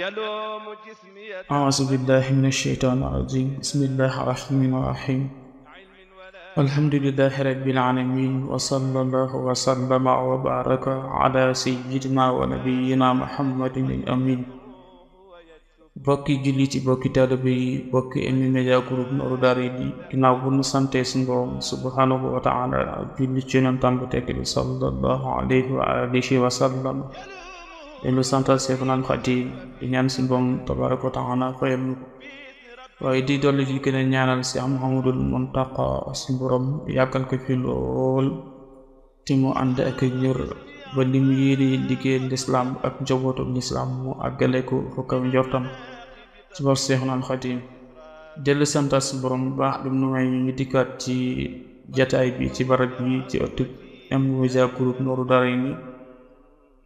أعوذ بالله من الشيطان الرجيم بسم الله الرحمن الرحيم الحمد لله bokki julli ci bokki taalibe yi bokki M Media Group Nourou Darayni ginnaaw bu nu sante suñu subhaanahu wa taala julli ci Yonent bi tekk sallallahu alayhi wa alihi wa dellu santal Seexunal Xadiim di ñaan suñu Boroom tabaaraka wa taala fayal ñu ko waaye di dolli di gën a ñaanal Seex Muhammadul Muntaqa suñu Boroom yàggal ko fi lool te mu ànd ak ñur ba lim yéene liggéey lislaam ak njabootu lislaam mu àggale ko fu njortam ci bor Seexunal Xadiim dellu santal suñu Boroom baax bi mu may ñu dikkaat ci jataay bi ci barab bi ci ëttub M Media Group Nourou Darayni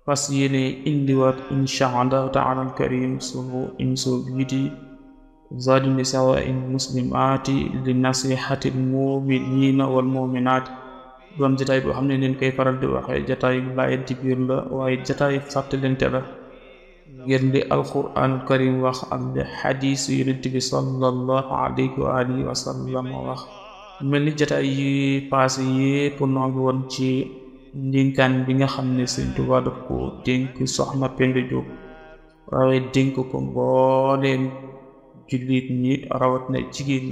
fas yéene indiwaat insha allahu taala al karim sunu émission bii di zaadu nisaa in muslimaati li nasihati al muminina wal muminaat doon jataay boo xam ne leen koy faral di waxee jataayu laayenti biir la waaye jataayu fàttalente la ngir li alquran karim wax ak li xadiis yonent bi sallallahu alayhi wa alihi wa sallam wax mel ni jataay paase yépp noo ngi woon ci ndénkaan bi nga xam ne Sëñ Tuubaa daf ko dénk soxna Penda Jóob waaye ko mbooleem jullit ñi rawat na jigéen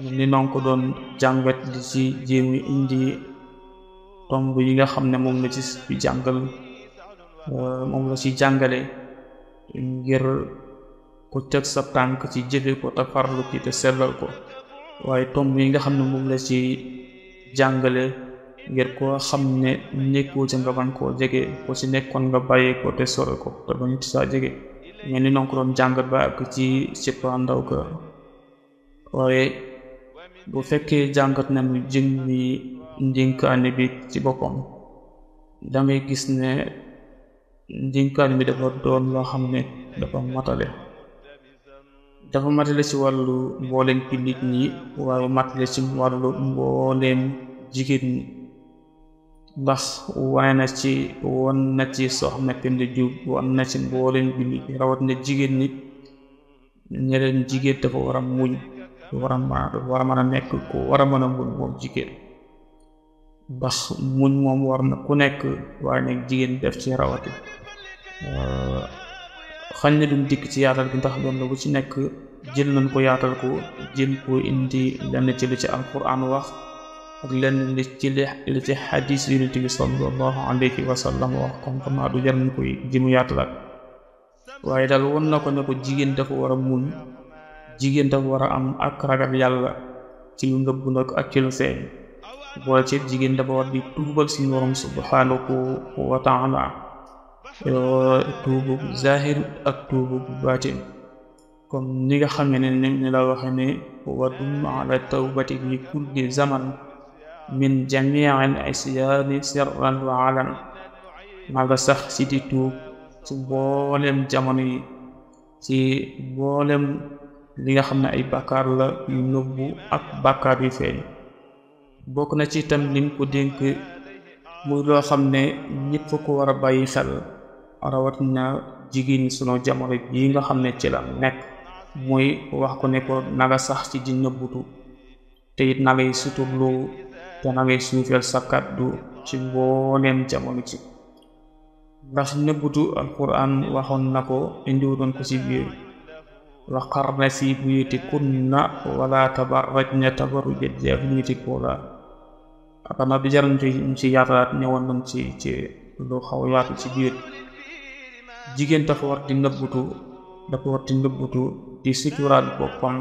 ñi ni noonu ko doon jàngat di ci jéem indi yi nga xam ne moom la ci bi jàngal euh, moom la ci jàngale ngir ku teg sa tànk ci jëfe ko te farlu ci te sellal ko waaye tomb yi nga xam ne moom la ci jàngale ngir koo xam ne nekkoo ci nga ban koo jege ko ci nekkoon nga bàyyi ko te sore ko te bañ ci saa jege ñeen ni noonu ko ba ak ci sippaandaw ka waaye bu fekkee jàngat nañu jëmmi ndinkaane bi ci boppam dangay gis ne ndinkaane bi dafa doon loo xam ne dafa matale dafa matale ci wàllu mbooleem ci nit waaye matale ci mbooleem jigéen ndax wane na ci won na ci soxna Penda Jóob won na ci mbooleem jullit yi rawat na jigéen nit ñu leen jigéen dafa war muñ war a war a mën a nekk ku war a mën a muñ moom jigéen ndax muñ moom war na ku nekk waaye nag jigéen def ci rawati xañ na duñ dikk ci yaatal bi ndax doon la bu ci nekk jël nañ ko yaatal ko jëm ko indi lenn ci lu ci alquran wax ak lenn li ci li ci xadis yonent bi sallallahu alayhi wa sallam wax comme comme du jar na koy ji mu waaye daal won na ko ne ko jigéen dafa war a muñ jigéen dafa war a am ak ragal yàlla ci nga ngëbb nag ak ci lu feeñ boole ci jigéen dafa war di tuubal suñu borom subhanahu wa taala tuubu zahir ak tuubu baatin comme ni nga xam ne ne la waxee ne wa dum ala tawbati li kulli zaman min jamii al isyaani sirran wa na nga sax ci di tuub ci mboolem jamono yi ci mboolem li nga xam ne ay bàkkaar la yu nëbbu ak bàkkaar yu feeñ bokk na ci itam lim ko dénk muy loo xam ne ñëpp ko war a bàyyi xel rawatina jigéen ñi sunu jamono bii nga xam ne ci la nekk muy wax ko ne ko na sax ci di nëbbutu te it na te na ngay suufeel sa kàddu ci mbooleem jamono ci ndax nëbbutu alquran waxoon na ko indiwutoon ko ci biir wa qarna fi buyutikunna wala tabarrajna tabarruja jaahiliyatil uulaa akam naa bi jar ci yaatalaat ñëwoon nañ ci ci lu xaw yaatu ci biir jigéen dafa war di nëbbutu dafa war di nëbbutu di suturaal boppam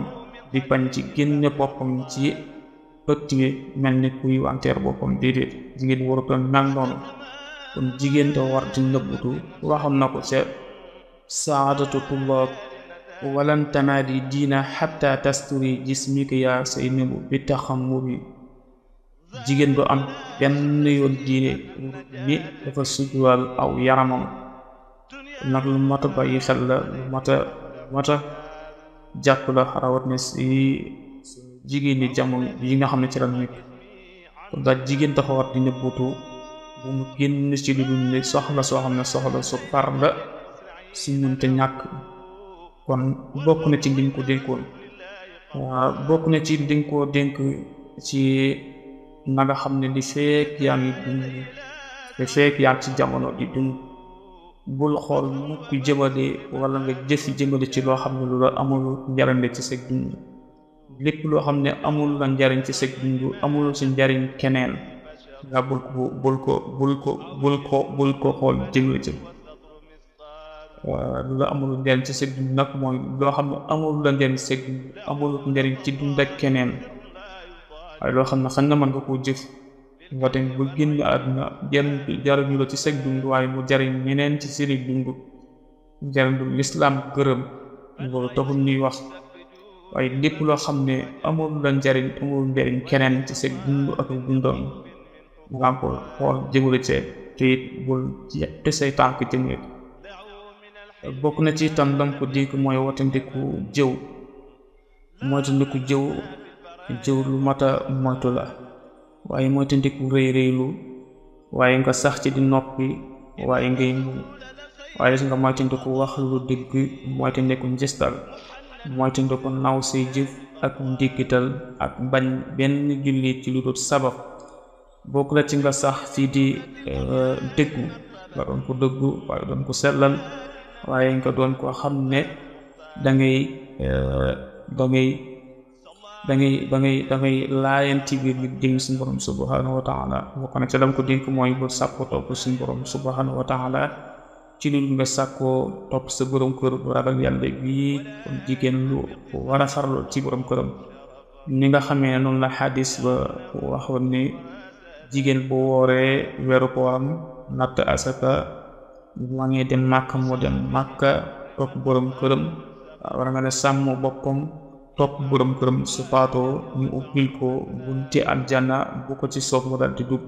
di bañ ci génne boppam ci ëtt jigéen mel ni kuy wanteer boppam déedéet jigéen warutoon mel noonu kon jigéen te war di nëbbutu waxoon na ko ca saadatu tullaab walan tamaadi diina xatta tasturi jismika yaa say nibu bi taxammuri jigéen du am benn yoon diine ni dafa sujjuwaal aw yaramam nag lu mata bàyyi xel la lu mata mata jàpp la ne si jigéen ñi jamono yi nga xam ne ci la nekk kon daal jigéen dafa war di nëbbutu bu mu génn ci lu dul ne soxla soo xam ne soxla su par la si mënte ñàkk kon bokk na ci liñ ko dénkoon waaw bokk na ci liñ ko dénk ci na xam ne li fekk yaa ngi dund li fekk yaa ngi ci jamono di dund bul xool mukk jëmale wala nga jëf jëmale ci loo xam ne lu la amul njariñ ci sa dund lépp loo xam ne amul la njariñ ci sëg dund amul si njariñ keneen nga bul ko bul ko bul ko bul ko bul ko xool jëglu ci lu la amul ci sëg nag mooy loo xam ne amul la njariñ sëg amul njariñ ci dund ak keneen waaye loo xam ne xan na mën nga koo jëf nga tamit bu génn àdduna jariñ jariñu ci sëg dund waaye mu jariñ ñeneen ci sëri dund jariñ du lislaam gërëm loolu taxul ñuy wax waaye lépp loo xam ne amul lu njariñ amul njariñ keneen ci sa dund ak dundam nga ko xool jëmale ci te bul te say tànk ci nit bokk na ci itam dam ko dénk mooy watandiku jëw jëw jëw lu mat a moytu la waaye moytandiku rëy rëylu waaye nga sax ci di noppi waaye ngay muñ waaye nga moytandiku wax lu dëgg moytandiku njëstal ko naw say jëf ak ndikkital ak bañ benn jullit ci lu dul sabab bokk la ci nga sax ci di euh, dëggu nga doon ko dëggu waaye doon ko sellal waaye nga doon ko xam ne dangay euh, dangay dangay dangay dangay laayanti biir bi dénk suñu borom subhanahu wa taala bokk na ca lam ko dénk mooy bu sàpp topp suñu borom subhanahu wa taala ci lu nga sàkkoo topp sa borom kër ragal yàlla bii jigéen lu war a farlu ci borom këram ni nga xamee noonu la xadis ba waxoon ni jigéen bu wooree weru ko am natt asaka ma ngi dem màkka moo dem màkka topp borom këram war nga ne sàmm boppam topp borom këram su faatoo ñu ubbil ko bunti aljanna bu ko ci soob mu dal di dugg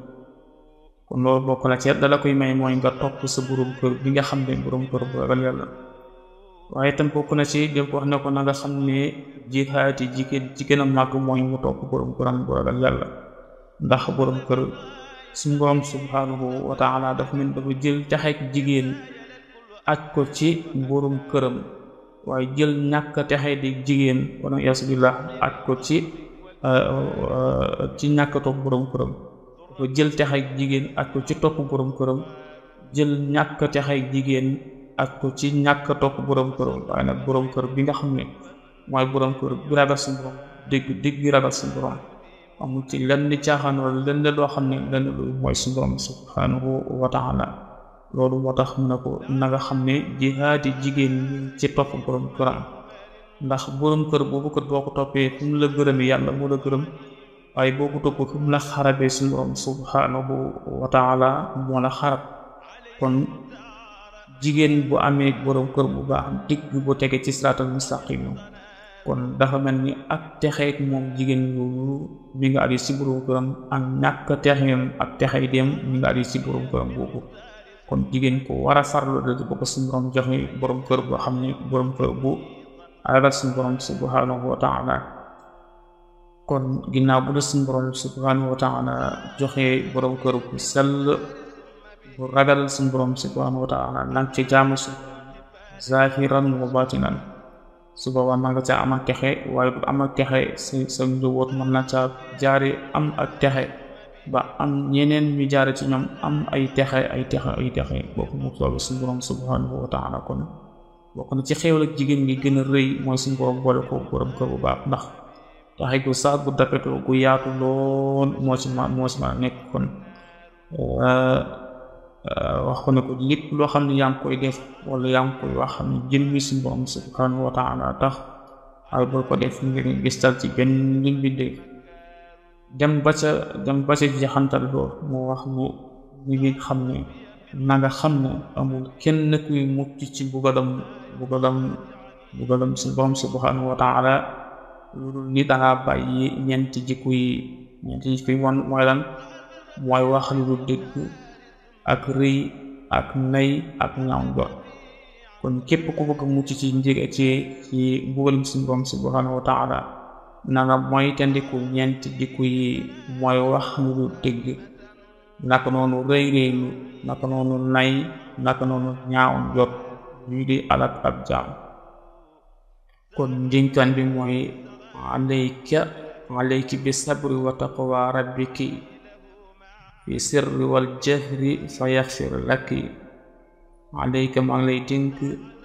kon loolu bokk na ci dala koy may mooy nga topp sa borom kër bi nga xam ne borom kër bu ragal yàlla waaye tam bokk na ci def wax ne ko nanga xam ne jihaati jigéen jigéen a màgg mooy mu topp borom këram bu ragal yàlla ndax borom kër suñu borom subhaanahu wa jël texeeg jigéen aj ko ci borom këram waaye jël ñàkk texee di jigéen wala yasubillah aj ko ci euh, euh, ci ñàkk topp borom këram ko jël texeeg jigéen ak ko ci topp borom këram jël ñàkk texeeg jigéen ak ko ci ñàkk topp borom këram waaye kër bi nga xam ne mooy borom kër bi ragal suñu dégg dégg ci lenn caaxaan wala loo xam ne lenn lu mooy suñu borom subhanahu wa loolu moo tax mu ko na nga xam ne jihaadi jigéen ci topp borom këram ndax borom kër boobu kër boo ko toppee fu la gërëmee yàlla moo la gërëm waaye boo ko topp kum la xarabee suñu borom subhaanahu wa taala moo la xarab kon jigéen bu amee borom kër bu baax digg bu tege ci siraatal mustaqim kon dafa mel ni ak texeet moom jigéen yooyu mi nga aju si borom këram ak ñàkk texeem ak texey dem mi nga aju si borom këram boobu kon jigéen ko war a farlu dëgg ba ko borom joxe borom kër boo xam ne borom kër bu borom subhaanahu wa taala kon ginnaaw bu la suñ borom subhanahu wa taala joxe borom kër bu sell bu ragal suñ borom subhanahu wa taala nag ci jaamu su zahiran wa batinan su boobaa ma nga ca am ak kexe waaye bu am ak kexe si sa njaboot mën na ca jaare am ak texe ba am ñeneen ñu jaare ci ñoom am ay texe ay texe ay texe bokk mu soobu suñ borom subhanahu wa taala kon ci xéewal ak jigéen ngi gën a rëy mooy suñ boole ko borom kër bu baax ndax taxi gu sax gu dapetu gu yaatu lool moo ci ma moo ci ma nekk kon euh, wax ko ne ko lépp loo xam ne yaa ngi koy def wala yaa ngi koy wax xam ne jëmmi suñu borom subhanahu wa taala tax ay boo ko def ngir gistal ci benn nit bi de dem ba ca dem ba ca jaxantal lool moo wax mu ñu ngi xam ne na nga xam ne amul kenn kuy mucc ci bugalam bugalam bugalam suñu borom subhanahu wa taala lu dul ni danga bàyyi ñeenti jikko yi ñeenti jikko yi moom mooy lan mooy wax lu dul dégg ak rëy ak nay ak ngàmba kon képp ku bëgg mucc ci njëg ci ci mbugalum suñu borom subhanahu wa taala na nga mooy tendiku ñeenti jikko yi mooy wax lu dul dégg naka noonu rëy rëylu naka noonu nay naka noonu ñaaw jot lii di alak ab jaam kon njëntaan bi mooy alayka alayki bi sabri wa taqwa rabbiki fi sirri wal fa yaxfir laki alayka maa lay dénk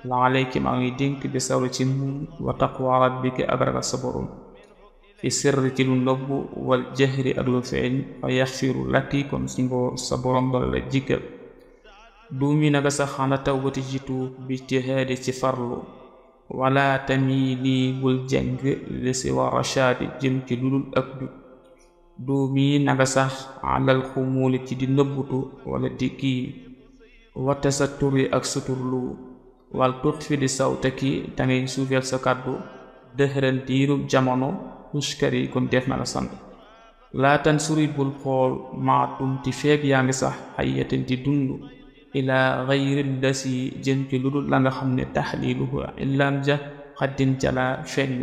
la maa ngi lay dénk bi sabri ci muñ wa taqwa rabbiki ak ragal sa borom fi sirri ci lu nëbb wal ak lu feeñ fa yaxfiru laki kon si ngoo sa dala la duumi naga sax xana tawbati ci tuub bi ci farlu wala tamili bul jeng li si wa rashaadi jëm ci ludul ak du duumi nanga sax alal xumuuli ci di nëbbutu wala di kii wate sa turi ak ak suturlu wal tut fi di sawte ki dangay suufeel sa kàddu dëxëran diirub jamono uskar kon def na la sant laatan surit bul xool maatum ti feeg yaa ngi sax xayatin di dund ila gayri lasi jëm ci lu dul la nga xam ne taxliluhu illam ja xaddin ca la feeñ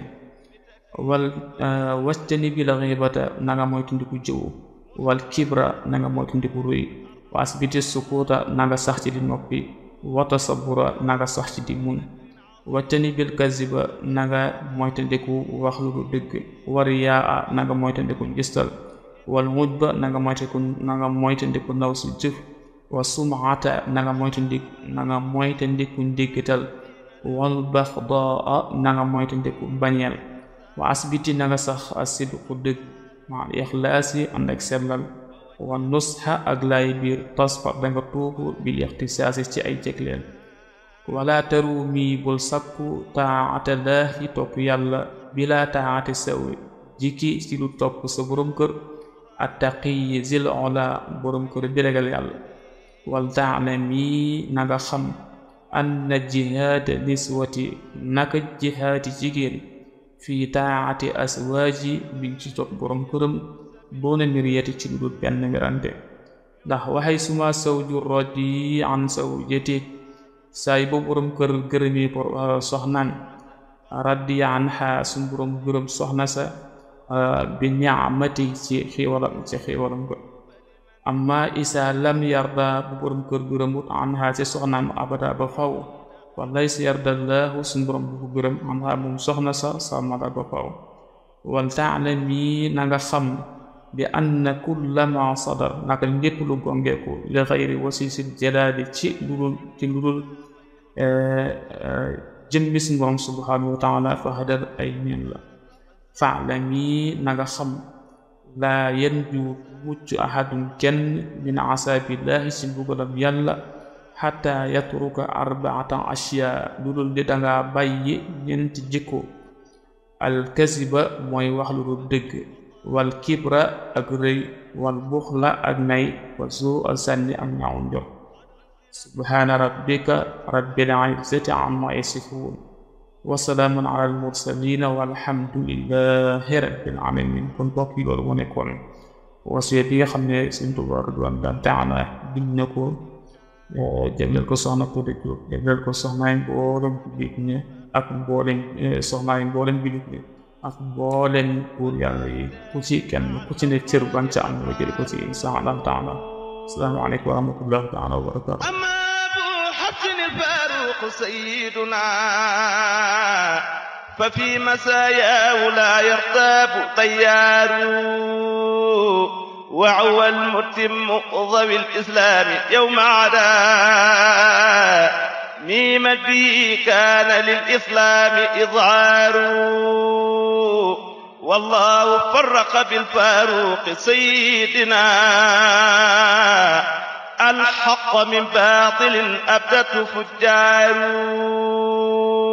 wal ah, wastani bi la xibata na nga moytandiku jëwu wal kibra na nga moytandiku ruy wasbiti sukuuta sax ci di noppi sax ci di bil kaziba na nga moytandiku wax lu dul dëgg yaa na nga moytandiku njistal wal mujba na nga moytandiku na si jëf wa sumata na nga moytandiku na nga moytandiku ndéggital wal bañeel wa asbiti na nga sax asidqu dëgg ma al ixlaas ak sellal wa nusxa ak laay biir tasfa danga tuubu bil ci ay jëgleel wala taru mi bul sakku taatallaahi topp yàlla bila taati sawi jikki ci lu topp sa borom kër attaqiyi zil ola borom kër bi yàlla wal taalami na nga xam anna jihaada niswati naka jihaati jigéen fii taati aswaaji mi ngi ci topp borom këram doona miryati ci lu benn mirante ndax waxay suma sawju radi an sawjati saay ba borom kër gërëmee ah, soxnaan radiya anha sum borom gërëm soxna sa ah, bi ñaamati ci xiiwalam ci xiiwalam ko amma isa lam yarda bu borom kër gu rëmut anha ci soxnaam abada ba faw wallay si yardallaahu suñ borom bu ko gërëm anha soxna sa samada ba faw wal taalam yi naga nga xam bi anna kulla ma sadar naka lépp lu gongeeku li xayri wasisil ci ludul ci ludul eh, eh, jëmmi suñ borom subhanahu wa taala fa hadar ay la faalam yi na xam laa yanju mucc ahadun kenn min asabillahi si mbugalam yàlla xataa yatruka arbaata ashya lu dul di dangaa bàyyi jikko alkasiba mooy wax lu dul dëgg wal kibra ak rëy wal buxla ak nay wa suu al sànni ak ñaaw subhaana rabbika rabbil izzati amma wasalaamun ala al mursalina walhamdulillahi rabbil alamin kon bokk yi loolu mu nekkoon wasiyeet yi nga xam ne Sëriñ Tuubaa Ridwaan daan taala bind na ko eh, jagleel ko soxna Tuuti Jóob jagleel ko soxnaay mboolem jullit ñi ak mboolem eh, soxnaay mboolem jullit ñi ak mboolem buur yàlla yi ku ci kenn ku ne cër ban ca am nga jël ko ci insha Allah taala asalaamaaleykum الحق سيدنا ففي مساياه لا يرتاب طيار وعوى المتم ضوي الإسلام يوم عدا ميم به كان للإسلام إظهار والله فرق بالفاروق سيدنا الحق من باطل أبدته فجار